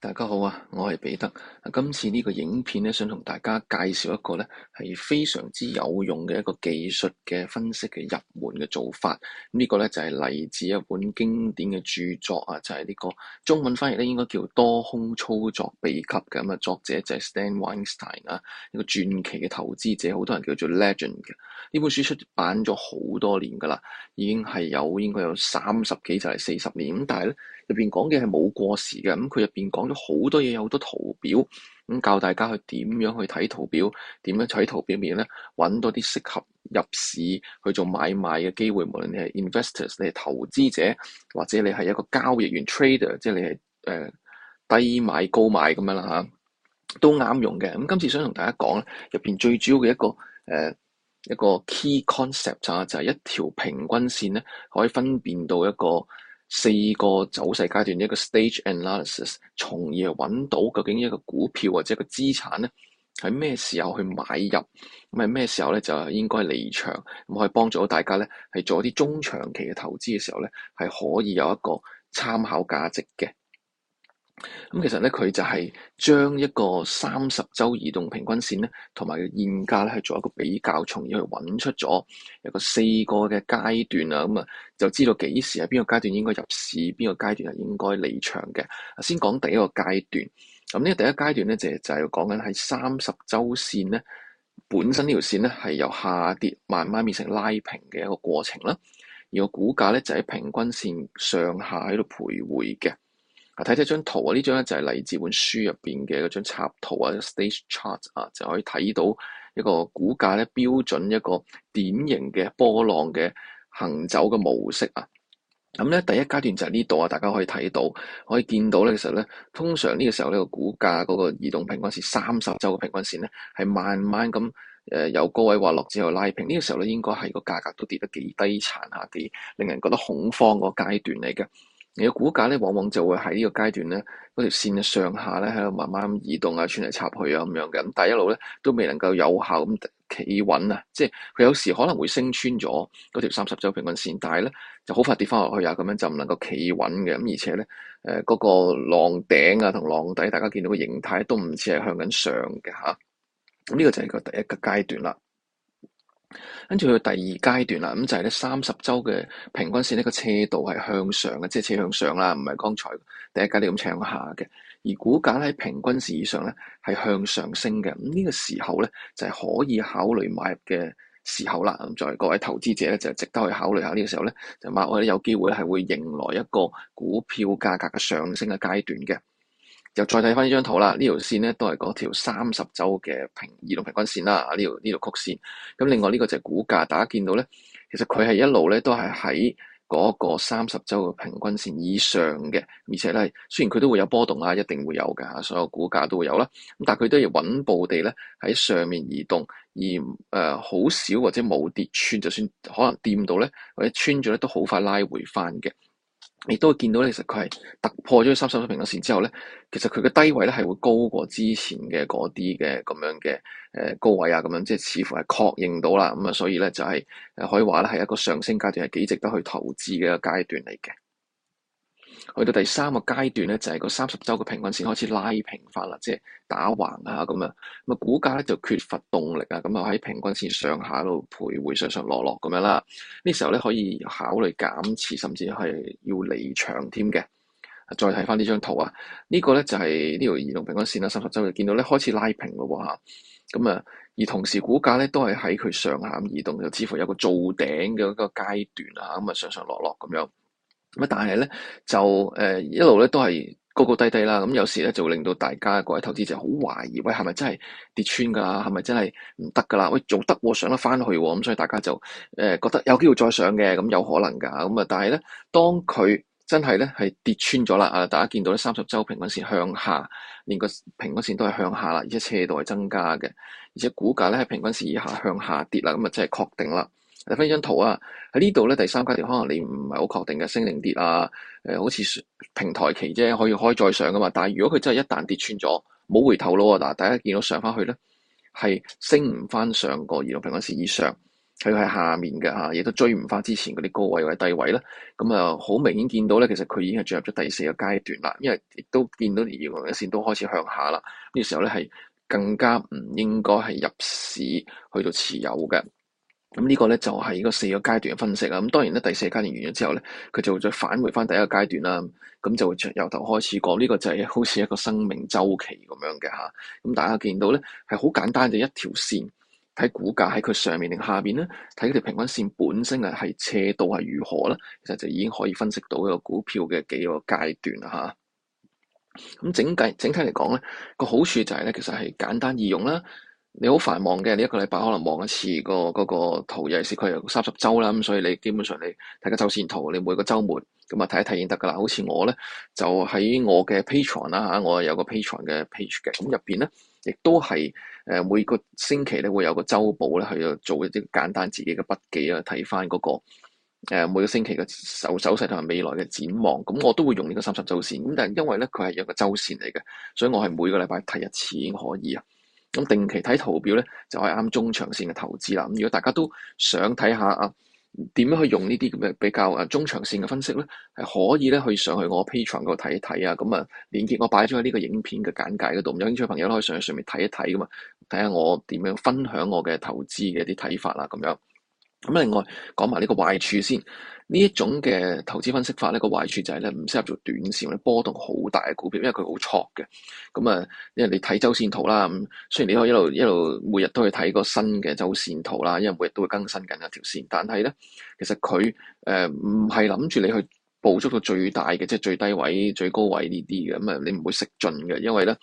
大家好啊，我係彼得。今次呢個影片呢，想同大家介紹一個呢係非常之有用嘅一個技術嘅分析嘅入門嘅做法。咁、這、呢個呢，就係嚟自一本經典嘅著作啊，就係、是、呢、這個中文翻譯呢，應該叫多空操作秘笈嘅咁啊。作者就係 Stan Weinstein 啊，一個傳奇嘅投資者，好多人叫做 Legend 嘅。呢本書出版咗好多年噶啦，已經係有應該有三十幾就係四十年咁，但係咧入邊講嘅係冇過時嘅，咁佢入邊講咗好多嘢，有好多圖表，咁、嗯、教大家去點樣去睇圖表，點樣喺圖表面咧揾多啲適合入市去做買賣嘅機會，無論你係 investors，你係投資者，或者你係一個交易員 trader，即係你係誒、呃、低買高賣咁樣啦嚇、啊，都啱用嘅。咁、嗯、今次想同大家講咧，入邊最主要嘅一個誒。呃一個 key concept 就係一條平均線咧，可以分辨到一個四個走勢階段，一個 stage analysis，從而揾到究竟一個股票或者一個資產咧，喺咩時候去買入，咁係咩時候咧就應該離場，咁可以幫助到大家咧，係做一啲中長期嘅投資嘅時候咧，係可以有一個參考價值嘅。咁其實咧，佢就係將一個三十周移動平均線咧，同埋現價咧，去做一個比較重，從而去揾出咗有個四個嘅階段啊。咁、嗯、啊，就知道幾時係邊個階段應該入市，邊個階段係應該離場嘅。先講第一個階段。咁、嗯、呢、這個第一階段咧，就係、是、就係講緊喺三十周線咧，本身呢條線咧係由下跌慢慢變成拉平嘅一個過程啦。而個股價咧就喺、是、平均線上下喺度徘徊嘅。睇睇張圖啊！呢張咧就係嚟自本書入邊嘅嗰張插圖啊，stage chart 啊，就可以睇到一個股價咧，標準一個典型嘅波浪嘅行走嘅模式啊。咁咧第一階段就係呢度啊，大家可以睇到，可以見到咧，其實咧，通常呢個時候呢個股價嗰個移動平均線三十週嘅平均線咧，係慢慢咁誒由高位滑落之後拉平。呢個時候咧，應該係個價格都跌得幾低殘下，幾令人覺得恐慌個階段嚟嘅。你嘅股價咧，往往就會喺呢個階段咧，嗰條線嘅上下咧喺度慢慢咁移動啊，穿嚟插去啊咁樣嘅。但係一路咧都未能夠有效咁企穩啊，即係佢有時可能會升穿咗嗰條三十周平均線，但係咧就好快跌翻落去，呃那個、啊，咁樣就唔能夠企穩嘅。咁而且咧誒，嗰個浪頂啊同浪底，大家見到個形態都唔似係向緊上嘅吓。咁，啊、呢個就係個第一個階段啦。跟住去第二階段啦，咁就係咧三十周嘅平均線呢個斜度係向上嘅，即係斜向上啦，唔係剛才第一階段咁斜向下嘅。而股價喺平均線以上咧係向上升嘅，咁呢個時候咧就係、是、可以考慮買入嘅時候啦。咁作為各位投資者咧就值得去考慮下呢個時候咧就買開咧有機會係會迎來一個股票價格嘅上升嘅階段嘅。又再睇翻呢張圖啦，呢條線咧都係嗰條三十週嘅平移動平均線啦，呢條呢條曲線。咁另外呢個就係股價，大家見到咧，其實佢係一路咧都係喺嗰個三十週嘅平均線以上嘅，而且咧雖然佢都會有波動啊，一定會有㗎，所有股價都會有啦。咁但係佢都要穩步地咧喺上面移動，而誒好少或者冇跌穿，就算可能掂到咧或者穿咗咧，都好快拉回翻嘅。亦都會見到咧，其實佢係突破咗三十水平嘅線之後咧，其實佢嘅低位咧係會高過之前嘅嗰啲嘅咁樣嘅誒高位啊，咁樣即係似乎係確認到啦。咁啊，所以咧就係、是、誒可以話咧係一個上升階段，係幾值得去投資嘅一個階段嚟嘅。去到第三個階段咧，就係個三十週嘅平均線開始拉平翻啦，即係打橫啊咁啊，咁啊股價咧就缺乏動力啊，咁啊喺平均線上下度徘徊上上落落咁樣啦。呢時候咧可以考慮減持，甚至係要離場添嘅。再睇翻呢張圖啊，呢、呢個咧就係呢條移動平均線啦，三十週就見到咧開始拉平咯喎嚇。咁啊，而同時股價咧都係喺佢上下移動，就似乎有個做頂嘅一個階段啊，咁啊上上落落咁樣。咁但係咧就誒、呃、一路咧都係高高低低啦，咁、嗯、有時咧就令到大家各位投資者好懷疑，喂係咪真係跌穿㗎啦？係咪真係唔得㗎啦？喂仲得喎，上得翻去喎，咁、嗯、所以大家就誒、呃、覺得有機會再上嘅，咁、嗯、有可能㗎，咁、嗯、啊但係咧當佢真係咧係跌穿咗啦，啊大家見到咧三十週平均線向下，連個平均線都係向下啦，而且斜度係增加嘅，而且股價咧喺平均線以下向下跌啦，咁啊真係確定啦。睇翻張圖啊，喺呢度咧第三階段可能你唔係好確定嘅升定跌啊，誒、呃、好似平台期啫，可以可再上噶嘛。但係如果佢真係一旦跌穿咗，冇回頭咯。嗱，大家見到上翻去咧，係升唔翻上個移動平均線以上，佢喺下面嘅嚇，亦、啊、都追唔翻之前嗰啲高位或者低位咧。咁、嗯、啊，好、嗯、明顯見到咧，其實佢已經係進入咗第四個階段啦。因為亦都見到移動平均線都開始向下啦。呢、這個、時候咧係更加唔應該係入市去到持有嘅。咁呢個咧就係呢個四個階段嘅分析啦。咁當然咧第四個階段完咗之後咧，佢就會再返回翻第一個階段啦。咁就會再由頭開始講，呢、這個就係好似一個生命週期咁樣嘅吓。咁、嗯、大家見到咧係好簡單嘅一條線，睇股價喺佢上面定下邊咧，睇條平均線本身啊係斜度係如何咧，其實就已經可以分析到個股票嘅幾個階段啦吓。咁、嗯、整體整體嚟講咧個好處就係咧，其實係簡單易用啦。你好繁忙嘅，你一個禮拜可能望一次、那個嗰、那個圖，尤其是佢有三十週啦，咁、嗯、所以你基本上你睇個周線圖，你每個週末咁啊睇一睇已經得噶啦。好似我咧就喺我嘅 Patreon 啦、啊、嚇，我有個 Patreon 嘅 page 嘅，咁入邊咧亦都係誒、呃、每個星期咧會有個周報咧去做一啲簡單自己嘅筆記啊，睇翻嗰個、呃、每個星期嘅走走勢同埋未來嘅展望。咁我都會用呢個三十週線，咁但係因為咧佢係有個週線嚟嘅，所以我係每個禮拜睇一次已經可以啊。咁定期睇圖表咧，就係、是、啱中長線嘅投資啦。咁如果大家都想睇下啊，點樣去用呢啲咁嘅比較啊中長線嘅分析咧，係可以咧去上去我 p a t r e n 嗰度睇一睇啊。咁、嗯、啊，連結我擺咗喺呢個影片嘅簡介嗰度，有興趣嘅朋友都可以上去上面睇一睇咁嘛，睇下我點樣分享我嘅投資嘅一啲睇法啦、啊，咁樣。咁、嗯、另外講埋呢個壞處先。呢一種嘅投資分析法咧，個壞處就係咧，唔適合做短線咧，波動好大嘅股票，因為佢好錯嘅。咁啊，因為你睇周線圖啦，咁雖然你可以一路一路，一路每日都去睇個新嘅周線圖啦，因為每日都會更新緊一條線，但係咧，其實佢誒唔係諗住你去捕捉到最大嘅，即係最低位、最高位呢啲嘅。咁啊，你唔會食盡嘅，因為咧。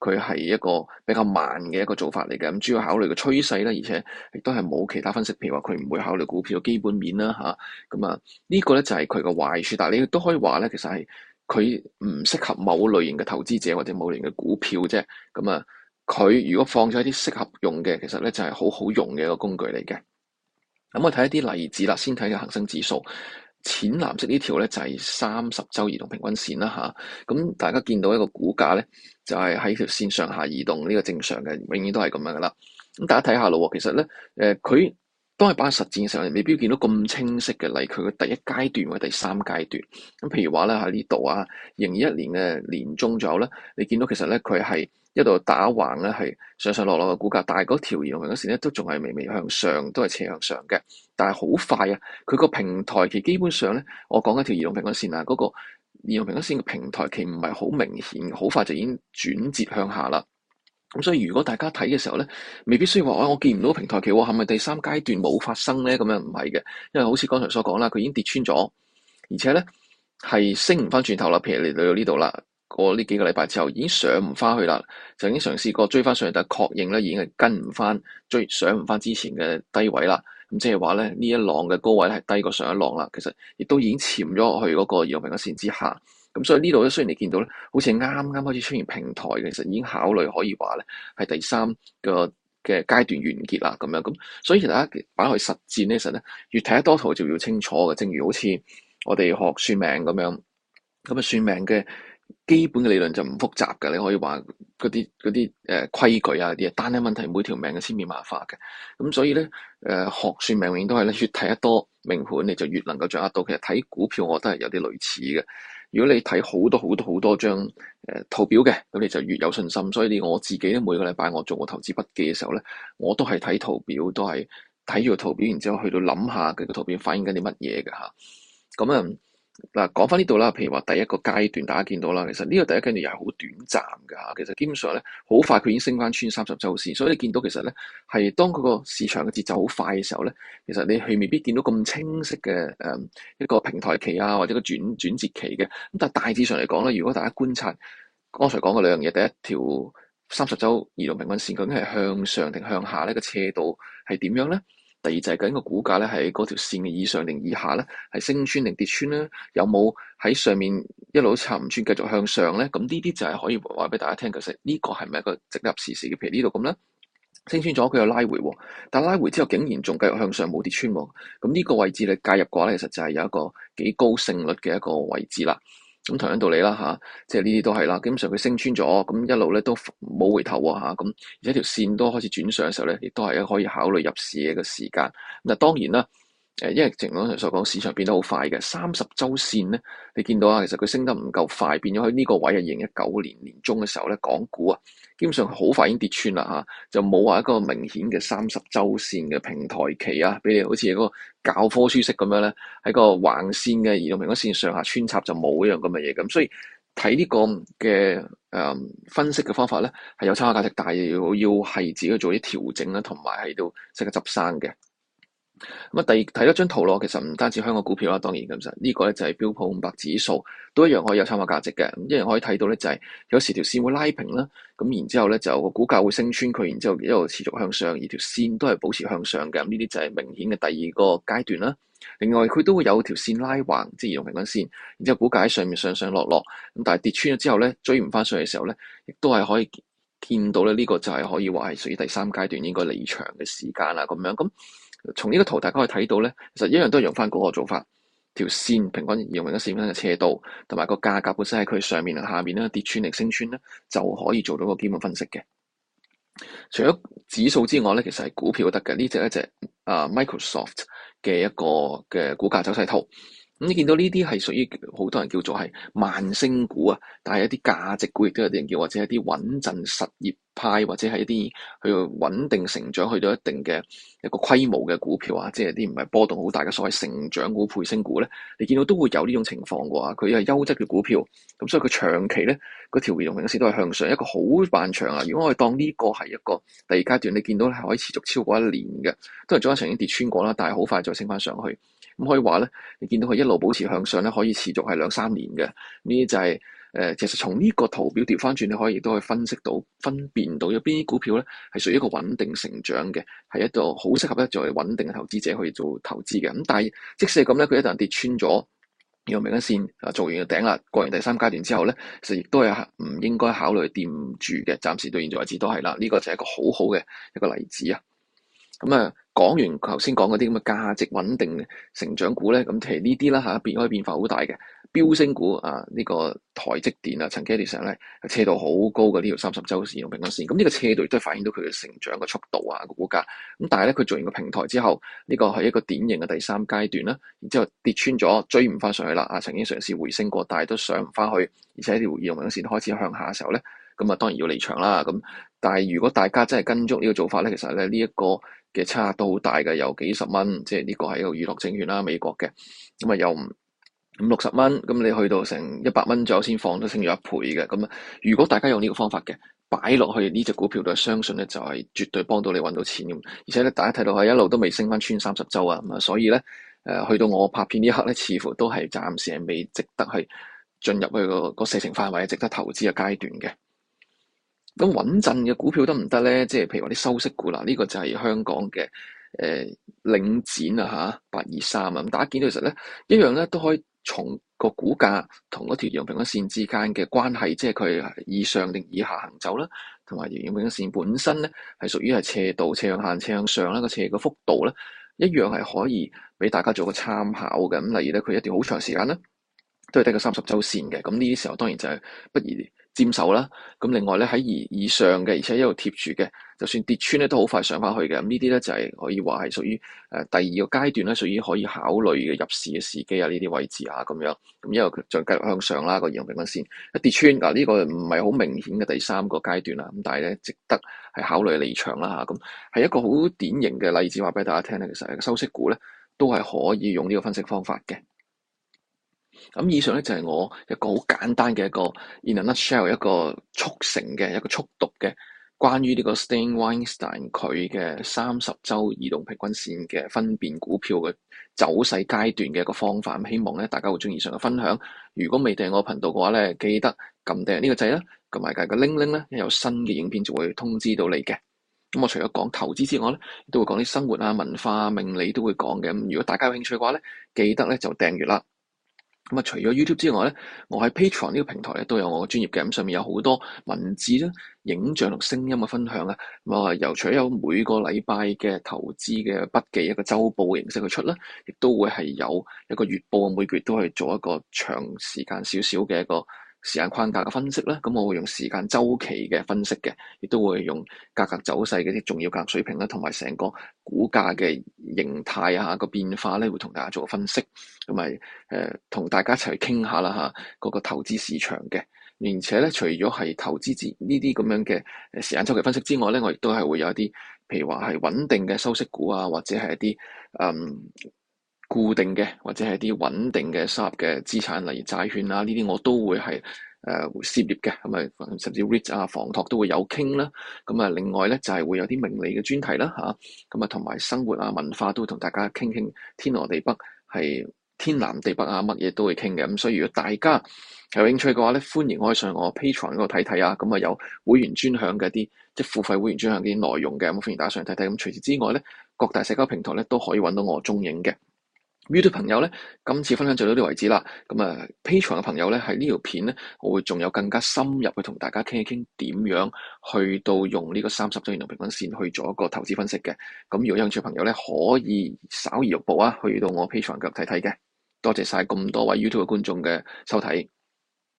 佢係一個比較慢嘅一個做法嚟嘅，咁主要考慮個趨勢啦，而且亦都係冇其他分析，譬如話佢唔會考慮股票嘅基本面啦，吓，咁啊，呢個咧就係佢嘅壞處，但係你都可以話咧，其實係佢唔適合某類型嘅投資者或者某類型嘅股票啫。咁啊，佢如果放咗一啲適合用嘅，其實咧就係好好用嘅一個工具嚟嘅。咁我睇一啲例子啦，先睇嘅恒生指數。淺藍色呢條呢就係三十週移動平均線啦吓，咁、啊、大家見到一個股價呢，就係、是、喺條線上下移動呢，這個正常嘅，永遠都係咁樣噶啦。咁、啊、大家睇下咯，其實呢，誒、呃、佢。都係擺實戰嘅時候，未必見到咁清晰嘅，例如佢嘅第一階段或者第三階段。咁譬如話咧嚇呢度啊，二零二一年嘅年中左右呢，你見到其實呢，佢係一路打橫呢係上上落落嘅股價，但係嗰條移動平均線呢都仲係微微向上，都係斜向上嘅。但係好快啊，佢個平台期基本上呢，我講一條移動平均線啊，嗰、嗰個移動平均線嘅平台期唔係好明顯，好快就已經轉折向下啦。咁所以如果大家睇嘅時候咧，未必需要話，我見唔到平台期喎，哦，係咪第三階段冇發生咧？咁樣唔係嘅，因為好似剛才所講啦，佢已經跌穿咗，而且咧係升唔翻轉頭啦。譬如嚟到呢度啦，過呢幾個禮拜之後已經上唔翻去啦，曾經嘗試過追翻上去，但係確認咧已經係跟唔翻，追上唔翻之前嘅低位啦。咁即係話咧，呢一浪嘅高位係低過上一浪啦。其實亦都已經潛咗去嗰個陽明嘅線之下。咁、嗯、所以呢度咧，雖然你見到咧，好似啱啱開始出現平台嘅，其實已經考慮可以話咧，係第三個嘅階段完結啦，咁樣咁。所以大家擺去實戰其實呢，時候咧，越睇得多圖就要清楚嘅。正如好似我哋學算命咁樣，咁、嗯、啊算命嘅基本嘅理論就唔複雜嘅，你可以話嗰啲啲誒規矩啊啲啊，單一問題每條命嘅千變萬化嘅。咁、嗯、所以咧，誒、呃、學算命永遠都係咧，越睇得多命盤，你就越能夠掌握到。其實睇股票，我覺得係有啲類似嘅。如果你睇好多好多好多張誒圖表嘅，咁你就越有信心。所以呢，我自己咧每個禮拜，我做我投資筆記嘅時候咧，我都係睇圖表，都係睇住個圖表，然之後去到諗下佢個圖表反映緊啲乜嘢嘅吓。咁啊～嗱，講翻呢度啦，譬如話第一個階段，大家見到啦，其實呢個第一階段又係好短暫㗎嚇。其實基本上咧，好快佢已經升翻穿三十週線，所以你見到其實咧，係當佢個市場嘅節奏好快嘅時候咧，其實你係未必見到咁清晰嘅誒一個平台期啊，或者個轉轉折期嘅。咁但係大致上嚟講咧，如果大家觀察剛才講嘅兩樣嘢，第一條三十週移動平均線究竟係向上定向下，呢個斜度係點樣咧？第二就係究竟個股價咧，係嗰條線嘅以上定以下咧，係升穿定跌穿咧，有冇喺上面一路插唔穿，繼續向上咧？咁呢啲就係可以話俾大家聽，其實呢個係咪一個值得時時嘅？譬如這這呢度咁咧，升穿咗佢又拉回喎、哦，但拉回之後竟然仲繼續向上，冇跌穿喎、哦。咁呢個位置你介入嘅話咧，其實就係有一個幾高勝率嘅一個位置啦。咁同樣道理啦，嚇、啊，即係呢啲都係啦。基本上佢升穿咗，咁一路咧都冇回頭喎、啊，嚇、啊。咁而且條線都開始轉上嘅時候咧，亦都係可以考慮入市嘅一個時間。嗱，當然啦。誒，因為正如我頭先所講，市場變得好快嘅三十周線咧，你見到啊，其實佢升得唔夠快，變咗喺呢個位啊，二零一九年年中嘅時候咧，港股啊，基本上好快已經跌穿啦嚇、啊，就冇話一個明顯嘅三十周線嘅平台期啊，俾你好似嗰個教科書式咁樣咧，喺個橫線嘅移動平均線上下穿插就冇一樣咁嘅嘢咁，所以睇呢個嘅誒、嗯、分析嘅方法咧，係有參考價值，但係要要係自己做啲調整啦，同埋喺度識得執生嘅。咁啊，第二睇咗張圖咯，其實唔單止香港股票啦，當然咁實。呢、這個咧就係標普五百指數，都一樣可以有參考價值嘅。咁一樣可以睇到咧，就係有時條線會拉平啦，咁然之後咧就個股價會升穿佢，然之後一路持續向上，而條線都係保持向上嘅。咁呢啲就係明顯嘅第二個階段啦。另外佢都會有條線拉橫，即係移動平均線，然之後股價喺上面上上落落。咁但係跌穿咗之後咧，追唔返上去嘅時候咧，亦都係可以見到咧，呢個就係可以話係屬於第三階段應該離場嘅時間啦。咁樣咁。從呢個圖大家可以睇到咧，其實一樣都係用翻嗰個做法，條線平均、移動嘅線、傾嘅斜度，同埋個價格本身喺佢上面啊、下面咧跌穿定升穿咧，就可以做到個基本分析嘅。除咗指數之外咧，其實係股票都得嘅。呢、這個、隻一隻啊 Microsoft 嘅一個嘅股價走勢圖。咁、嗯、你見到呢啲係屬於好多人叫做係萬星股啊，但係一啲價值股亦都有啲人叫或者一啲穩陣實業，派或者係一啲去穩定成長去到一定嘅一個規模嘅股票啊，即係啲唔係波動好大嘅所謂成長股、倍升股咧，你見到都會有呢種情況嘅話，佢係優質嘅股票，咁所以佢長期咧個條移動平均線都係向上，一個好漫長啊！如果我哋當呢個係一個第二階段，你見到咧係可以持續超過一年嘅，都係早一段時間跌穿過啦，但係好快再升翻上去，咁可以話咧，你見到佢一路保持向上咧，可以持續係兩三年嘅，呢啲就係、是。誒、呃，其實從呢個圖表調翻轉你可以亦都可以分析到、分辨到有邊啲股票咧係屬於一個穩定成長嘅，係一個好適合咧作為穩定嘅投資者去做投資嘅。咁但係即使係咁咧，佢一陣跌穿咗平均線啊，做完個頂啦，過完第三階段之後咧，其實亦都係唔應該考慮掂住嘅。暫時到現在為止都係啦，呢、這個就係一個好好嘅一個例子啊。咁啊，講完頭先講嗰啲咁嘅價值穩定成長股咧，咁其實呢啲啦嚇變可以變化好大嘅。飆升股啊！呢、這個台積電啊，曾經跌上咧，斜度好高嘅呢條三十週線移動平均線。咁、嗯、呢、這個斜度都係反映到佢嘅成長嘅速度啊，個股價。咁、嗯、但係咧，佢做完個平台之後，呢、這個係一個典型嘅第三階段啦。然之後跌穿咗，追唔翻上去啦。啊，曾經嘗試回升過，但係都上唔翻去，而且條移動平均線開始向下嘅時候咧，咁、嗯、啊、嗯、當然要離場啦。咁、嗯、但係如果大家真係跟足呢個做法咧，其實咧呢一、這個嘅差都好大嘅，有幾十蚊。即係呢個係一個娛樂證券啦，美國嘅。咁啊又唔～又五六十蚊，咁你去到成一百蚊左右先放都升咗一倍嘅。咁啊，如果大家用呢個方法嘅，擺落去呢隻股票都係相信咧，就係絕對幫到你揾到錢嘅。而且咧，大家睇到係一路都未升翻穿三十周啊。咁啊，所以咧，誒、呃、去到我拍片呢一刻咧，似乎都係暫時係未值得去進入去個個射程範圍值得投資嘅階段嘅。咁穩陣嘅股票得唔得咧？即係譬如話啲收息股啦，呢、呢個就係香港嘅誒、呃、領展啊，嚇八二三啊。咁大家見到其實咧一樣咧都可以。從個股價同嗰條陽平均線之間嘅關係，即係佢係以上定以下行走啦，同埋陽平均線本身咧係屬於係斜度、斜向下、斜向上啦。個斜嘅幅度咧，一樣係可以俾大家做個參考嘅。咁例如咧，佢一段好長時間咧都係低過三十週線嘅，咁呢啲時候當然就係不宜佔手啦，咁另外咧喺二以上嘅，而且一路貼住嘅，就算跌穿咧都好快上翻去嘅。咁呢啲咧就係可以話係屬於誒第二個階段咧，屬於可以考慮嘅入市嘅時機、那個、啊，呢啲位置啊咁樣。咁一路再繼續向上啦，個移動平均線一跌穿嗱呢個唔係好明顯嘅第三個階段啦。咁但係咧值得係考慮離場啦嚇。咁、啊、係一個好典型嘅例子，話俾大家聽咧。其實收息股咧都係可以用呢個分析方法嘅。咁以上咧就係我一個好簡單嘅一個 in a nutshell 一個速成嘅一個速讀嘅關於呢個 Stan Weinstein 佢嘅三十周移動平均線嘅分辨股票嘅走勢階段嘅一個方法。希望咧大家會中意以上嘅分享。如果未訂我頻道嘅話咧，記得撳訂呢個掣啦，同埋個個鈴鈴咧，一有新嘅影片就會通知到你嘅。咁我除咗講投資之外咧，都會講啲生活啊、文化啊、命理都會講嘅。咁如果大家有興趣嘅話咧，記得咧就訂閱啦。除咗 YouTube 之外咧，我喺 Patreon 呢個平台都有我嘅專頁嘅，上面有好多文字咧、影像同聲音嘅分享啊。啊、嗯，由除咗每個禮拜嘅投資嘅筆記一個週報形式去出啦，亦都會係有一個月報，每個月都係做一個長時間少少嘅一個時間框架嘅分析咧，咁我會用時間周期嘅分析嘅，亦都會用價格走勢嘅啲重要價格水平啦，同埋成個股價嘅形態啊、個變化咧，會同大家做個分析，同埋誒同大家一齊傾下啦嚇嗰個投資市場嘅。而且咧，除咗係投資之呢啲咁樣嘅時間周期分析之外咧，我亦都係會有一啲譬如話係穩定嘅收息股啊，或者係一啲嗯。固定嘅或者係啲穩定嘅收入嘅資產，例如債券啊，呢啲我都會係誒、呃、涉獵嘅咁啊，甚至 REIT 啊、房託都會有傾啦。咁啊，另外咧就係、是、會有啲名利嘅專題啦吓，咁啊同埋生活啊、文化都會同大家傾傾天羅地北，係天南地北啊，乜嘢都會傾嘅。咁所以如果大家有興趣嘅話咧，歡迎愛上我 Patreon 嗰度睇睇啊。咁、嗯、啊有會員專享嘅啲即係付費會員專享啲內容嘅，咁、嗯、歡迎打上嚟睇睇。咁、嗯、除此之外咧，各大社交平台咧都可以揾到我蹤影嘅。YouTube 朋友呢，今次分享就到呢個位為止啦。咁啊 Patreon 嘅朋友呢，喺呢條片呢，我會仲有更加深入去同大家傾一傾點樣去到用呢個三十週線同平均線去做一個投資分析嘅。咁如果有興趣嘅朋友呢，可以稍移玉步啊，去到我 Patreon 度睇睇嘅。多謝晒咁多位 YouTube 嘅觀眾嘅收睇。